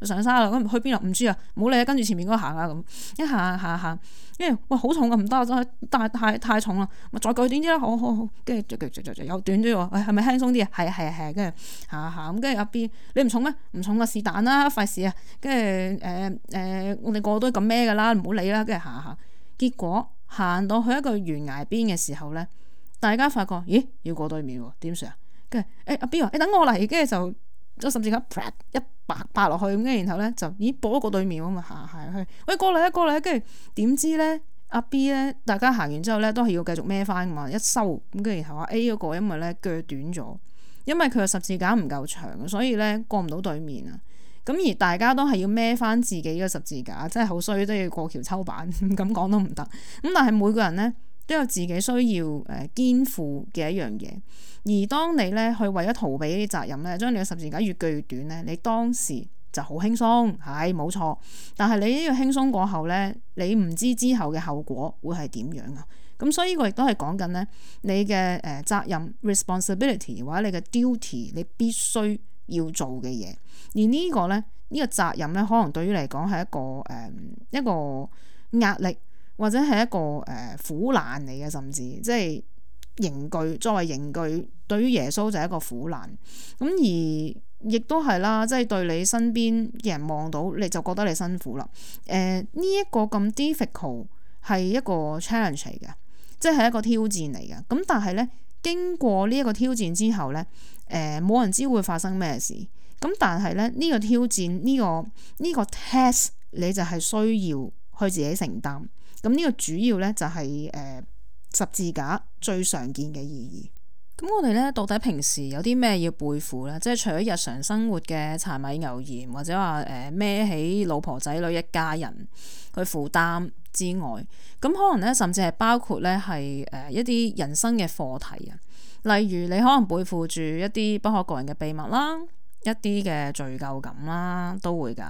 行上山啦，咁去邊啊？唔知啊，冇理啊，跟住前面嗰行啊咁，一行行行跟住：「喂，好重啊，唔得啊真係，太太太重啦，咪再鋸短啲啦，好，好，好咳咳咳啊好跟住逐逐逐逐又短啲喎，係咪輕鬆啲啊，啊？係啊係啊係啊，跟住行行咁跟住阿 B，你唔重咩？唔重啊是但啦，費事啊，跟住。誒誒、呃，我哋個個都咁孭噶啦，唔好理啦，跟住行下行，結果行到去一個懸崖邊嘅時候咧，大家發覺，咦，要過對面喎，點算啊？跟住誒，阿、欸、B 話，你、欸、等我嚟，跟住就個十字架一拔拔落去，咁跟住然後咧就，咦，過一個對面，咁、欸、啊行行去，喂過嚟啊過嚟，跟住點知咧？阿 B 咧，大家行完之後咧，都係要繼續孭翻噶嘛，一收，咁跟住然後阿 A 嗰個因呢，因為咧腳短咗，因為佢個十字架唔夠長，所以咧過唔到對面啊。咁而大家都係要孭返自己嘅十字架，真係好衰都要過橋抽板，咁講都唔得。咁但係每個人呢都有自己需要誒肩負嘅一樣嘢。而當你呢去為咗逃避呢啲責任呢，將你嘅十字架越鋸越短呢，你當時就好輕鬆，係冇錯。但係你呢個輕鬆過後呢，你唔知之後嘅後果會係點樣啊！咁所以呢個亦都係講緊呢，你嘅誒責任 responsibility 或者你嘅 duty，你必須。要做嘅嘢，而呢個呢，呢、這個責任呢，可能對於你嚟講係一個誒、呃、一個壓力，或者係一個誒、呃、苦難嚟嘅，甚至即係刑具。作為刑具，對於耶穌就係一個苦難。咁而亦都係啦，即、就、係、是、對你身邊嘅人望到，你就覺得你辛苦啦。誒、呃，呢、這、一個咁 difficult 係一個 challenge 嚟嘅，即係一個挑戰嚟嘅。咁但係呢，經過呢一個挑戰之後呢。誒，冇、呃、人知會發生咩事，咁但係咧呢、呢個挑戰呢、呢個呢、呢個 test，你就係需要去自己承擔。咁呢個主要咧就係、是、誒、呃、十字架最常見嘅意義。咁我哋咧到底平時有啲咩要背負呢？即係除咗日常生活嘅柴米油鹽或者話誒孭起老婆仔女一家人去負擔之外，咁可能咧甚至係包括咧係誒一啲人生嘅課題啊。例如你可能背負住一啲不可告人嘅秘密啦，一啲嘅罪疚感啦，都會㗎；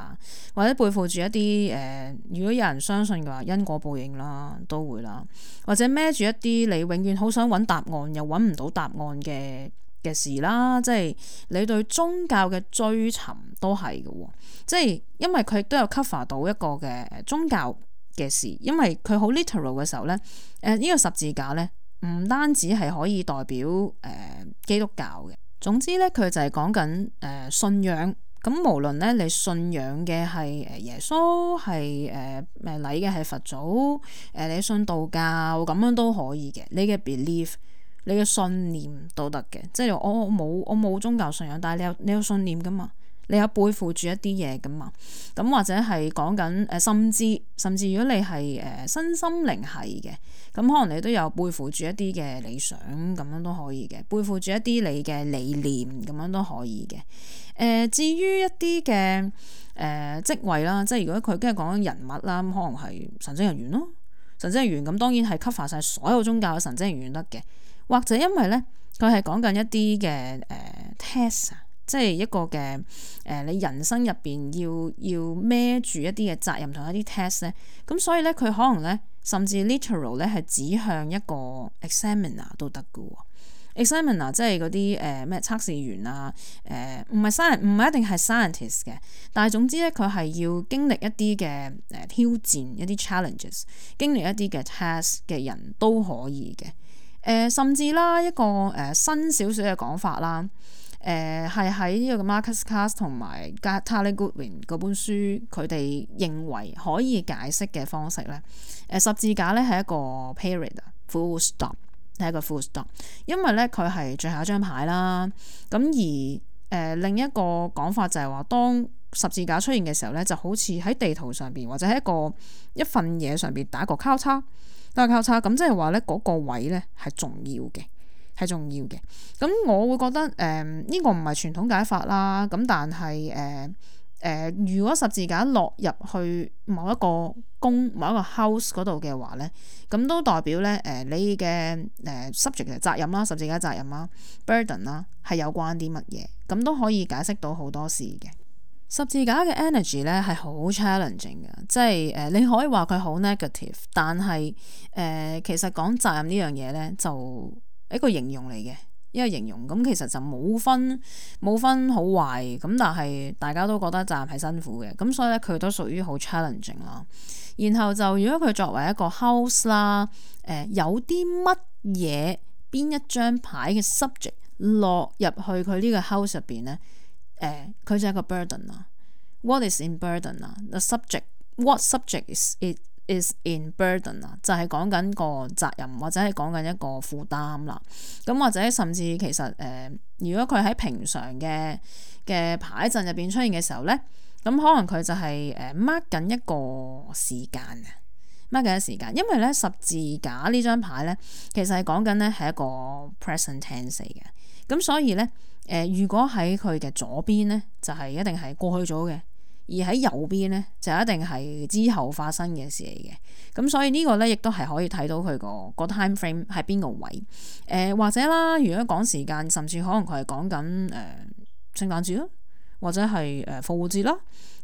或者背負住一啲誒、呃，如果有人相信嘅話，因果報應啦，都會啦；或者孭住一啲你永遠好想揾答案又揾唔到答案嘅嘅事啦，即係你對宗教嘅追尋都係嘅喎，即係因為佢都有 cover 到一個嘅宗教嘅事，因為佢好 literal 嘅時候咧，誒、呃、呢、呢個十字架咧。唔單止係可以代表誒、呃、基督教嘅，總之咧佢就係講緊誒信仰。咁無論咧你信仰嘅係誒耶穌，係誒誒禮嘅係佛祖，誒、呃、你信道教咁樣都可以嘅。你嘅 belief，你嘅信念都得嘅。即係我我冇我冇宗教信仰，但係你有你有信念噶嘛。你有背負住一啲嘢嘅嘛？咁或者係講緊誒，心知，甚至甚至如果你係誒、呃、身心靈系嘅，咁可能你都有背負住一啲嘅理想，咁樣都可以嘅。背負住一啲你嘅理念，咁樣都可以嘅。誒、呃，至於一啲嘅誒職位啦，即係如果佢梗係講緊人物啦，可能係神職人員咯，神職人員咁當然係 cover 晒所有宗教嘅神職人員得嘅。或者因為咧，佢係講緊一啲嘅誒 test。即係一個嘅誒、呃，你人生入邊要要孭住一啲嘅責任同一啲 test 咧，咁所以咧佢可能咧甚至 literal 咧係指向一個 examiner 都得㗎喎、哦、examiner 即係嗰啲誒咩測試員啊誒，唔係 scient 唔係一定係 scientist 嘅，但係總之咧佢係要經歷一啲嘅誒挑戰一啲 challenges，經歷一啲嘅 test 嘅人都可以嘅誒、呃，甚至啦一個誒、呃、新少少嘅講法啦。誒係喺呢個 Marcus Cast 同埋 Tally Goodwin 嗰本書，佢哋認為可以解釋嘅方式咧，誒、呃、十字架咧係一個 period full stop，係一個 full stop，因為咧佢係最後一張牌啦。咁而誒、呃、另一個講法就係話，當十字架出現嘅時候咧，就好似喺地圖上邊或者喺一個一份嘢上邊打個交叉，打個交叉咁，即係話咧嗰個位咧係重要嘅。係重要嘅咁，我會覺得誒呢、呃這個唔係傳統解法啦。咁但係誒誒，如果十字架落入去某一個宮某一個 house 嗰度嘅話咧，咁都代表咧誒、呃、你嘅誒 subject 嘅責任啦，十字架責任啦，burden 啦，係有關啲乜嘢，咁都可以解釋到好多事嘅。十字架嘅 energy 咧係好 challenging 嘅，即係誒你可以話佢好 negative，但係誒、呃、其實講責任呢樣嘢咧就。一個形容嚟嘅，一個形容咁，其實就冇分冇分好壞咁，但係大家都覺得暫係辛苦嘅，咁所以咧佢都屬於好 challenging 啦。然後就如果佢作為一個 house 啦、呃，誒有啲乜嘢邊一張牌嘅 subject 落入去佢呢個 house 入邊咧，誒、呃、佢就係一個 burden 啊。What is in burden 啊？The subject，what subject is it？is in burden 啦，就係講緊個責任或者係講緊一個負擔啦。咁或者甚至其實誒、呃，如果佢喺平常嘅嘅牌陣入邊出現嘅時候咧，咁可能佢就係誒 mark 緊一個時間啊，mark 緊一個時間，因為咧十字架呢張牌咧，其實係講緊咧係一個 present tense 嘅，咁所以咧誒、呃，如果喺佢嘅左邊咧，就係一定係過去咗嘅。而喺右邊咧，就一定係之後發生嘅事嚟嘅。咁所以呢個咧，亦都係可以睇到佢個個 time frame 喺邊個位。誒、呃、或者啦，如果講時間，甚至可能佢係講緊誒聖誕節咯，或者係誒、呃、復活節啦。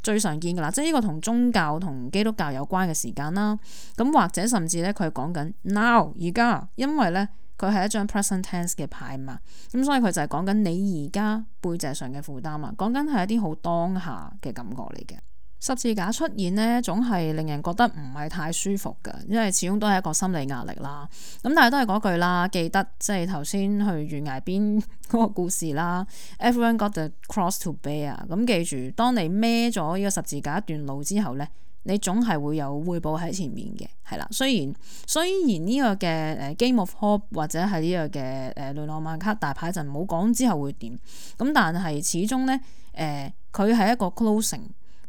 最常見㗎喇，即係呢個同宗教同基督教有關嘅時間啦。咁或者甚至咧，佢係講緊 now 而家，因為咧。佢係一張 present tense 嘅牌嘛，咁所以佢就係講緊你而家背脊上嘅負擔啊，講緊係一啲好當下嘅感覺嚟嘅。十字架出現呢，總係令人覺得唔係太舒服嘅，因為始終都係一個心理壓力啦。咁但係都係嗰句啦，記得即係頭先去懸崖邊嗰個故事啦。Everyone got the cross to bear 啊，咁記住，當你孭咗呢個十字架一段路之後呢。你總係會有回報喺前面嘅，係啦。雖然雖然呢個嘅誒 Game of Hope 或者係呢個嘅誒、呃、雷諾曼卡大牌就唔好講之後會點，咁但係始終呢，誒佢係一個 closing，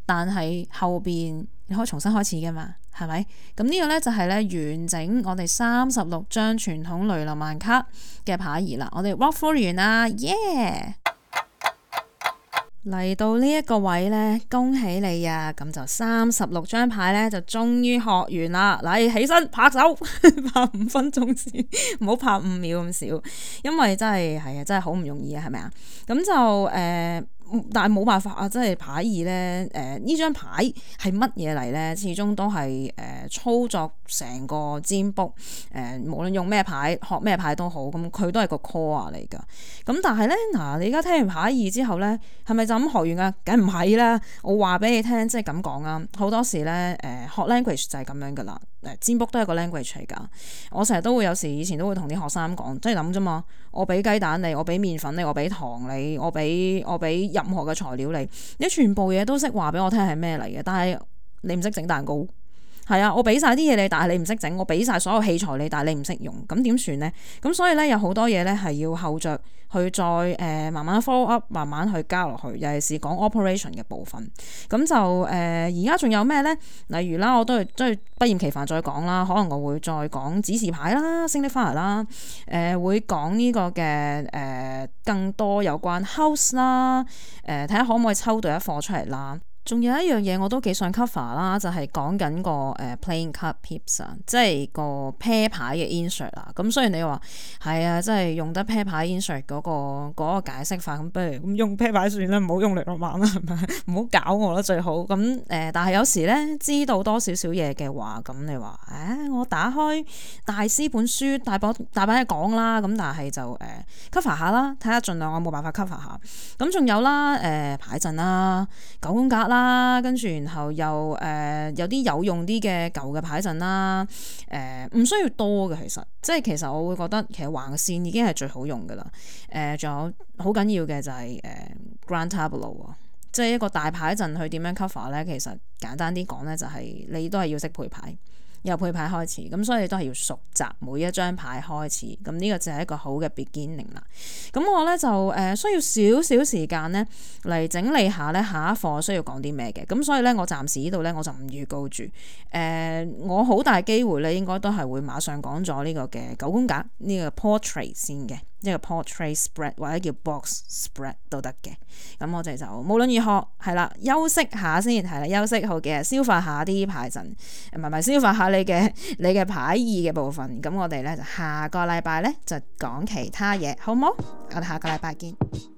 但係後邊你可以重新開始嘅嘛，係咪？咁、嗯、呢、這個呢，就係、是、呢完整我哋三十六張傳統雷諾曼卡嘅牌儀啦。我哋 walk through 完啦耶！Yeah! 嚟到呢一個位呢，恭喜你啊。咁就三十六張牌呢，就終於學完啦。嗱，起身拍手， 拍五分鐘先，唔 好拍五秒咁少，因為真係係啊，真係好唔容易啊，係咪啊？咁就誒。呃但係冇辦法啊！即係牌二咧，誒、呃、呢張牌係乜嘢嚟咧？始終都係誒、呃、操作成個占卜、呃，誒無論用咩牌學咩牌都好，咁佢都係個 core 嚟㗎。咁但係咧，嗱你而家聽完牌二之後咧，係咪就咁學完啊？梗唔係啦！我話俾你聽，即係咁講啊，好多時咧誒、呃、學 language 就係咁樣㗎啦。占卜都係個 language 嚟噶，我成日都會有時以前都會同啲學生講，即係諗啫嘛。我俾雞蛋你，我俾麵粉你，我俾糖你，我俾我俾任何嘅材料你，你全部嘢都識話俾我聽係咩嚟嘅，但係你唔識整蛋糕。係啊，我俾晒啲嘢你，但係你唔識整；我俾晒所有器材你，但係你唔識用。咁點算呢？咁所以咧有好多嘢咧係要後着去再誒、呃、慢慢 follow up，慢慢去交落去。尤其是講 operation 嘅部分。咁就誒而家仲有咩呢？例如啦，我都係即係不厭其煩再講啦。可能我會再講指示牌啦、升得返嚟啦、誒、呃、會講呢個嘅誒、呃、更多有關 house 啦。誒，睇下可唔可以抽到一課出嚟啦。仲有一樣嘢我都幾想 cover 啦、那個，就係講緊個誒 playing card pips 啊，即係個啤牌嘅 insert 啊。咁雖然你話係啊，即係用得啤牌 insert 嗰、那個那個解釋法，咁不如咁用啤牌算啦，唔好用力我盲啦，係咪？唔好搞我啦最好。咁誒，但係有時咧知道多少少嘢嘅話，咁你話誒、啊，我打開大師本書大，大把大把嘢講啦，咁但係就誒 cover 下啦，睇下儘量我冇辦法 cover 下。咁仲有啦，誒、呃、牌陣啦，九宮格啦。啦，跟住然後又誒、呃，有啲有用啲嘅舊嘅牌陣啦，誒、呃，唔需要多嘅，其實，即係其實我會覺得其實橫線已經係最好用嘅啦，誒、呃，仲有好緊要嘅就係、是、誒、呃、grand tableau、啊、即係一個大牌陣，佢點樣 cover 咧？其實簡單啲講咧，就係你都係要識配牌。由配牌開始，咁所以都係要熟習每一張牌開始，咁呢個就係一個好嘅 beginning 啦。咁我咧就誒、呃、需要少少時間咧嚟整理下咧下一課需要講啲咩嘅，咁所以咧我暫時呢度咧我就唔預告住，誒、呃、我好大機會咧應該都係會馬上講咗呢個嘅九宮格呢個 portrait 先嘅。呢個 portrait spread 或者叫 box spread 都得嘅，咁我哋就無論如何係啦，休息下先係啦，休息好嘅，消化下啲牌陣，唔係唔係消化下你嘅你嘅牌意嘅部分。咁我哋咧就下個禮拜咧就講其他嘢，好唔好？我哋下個禮拜見。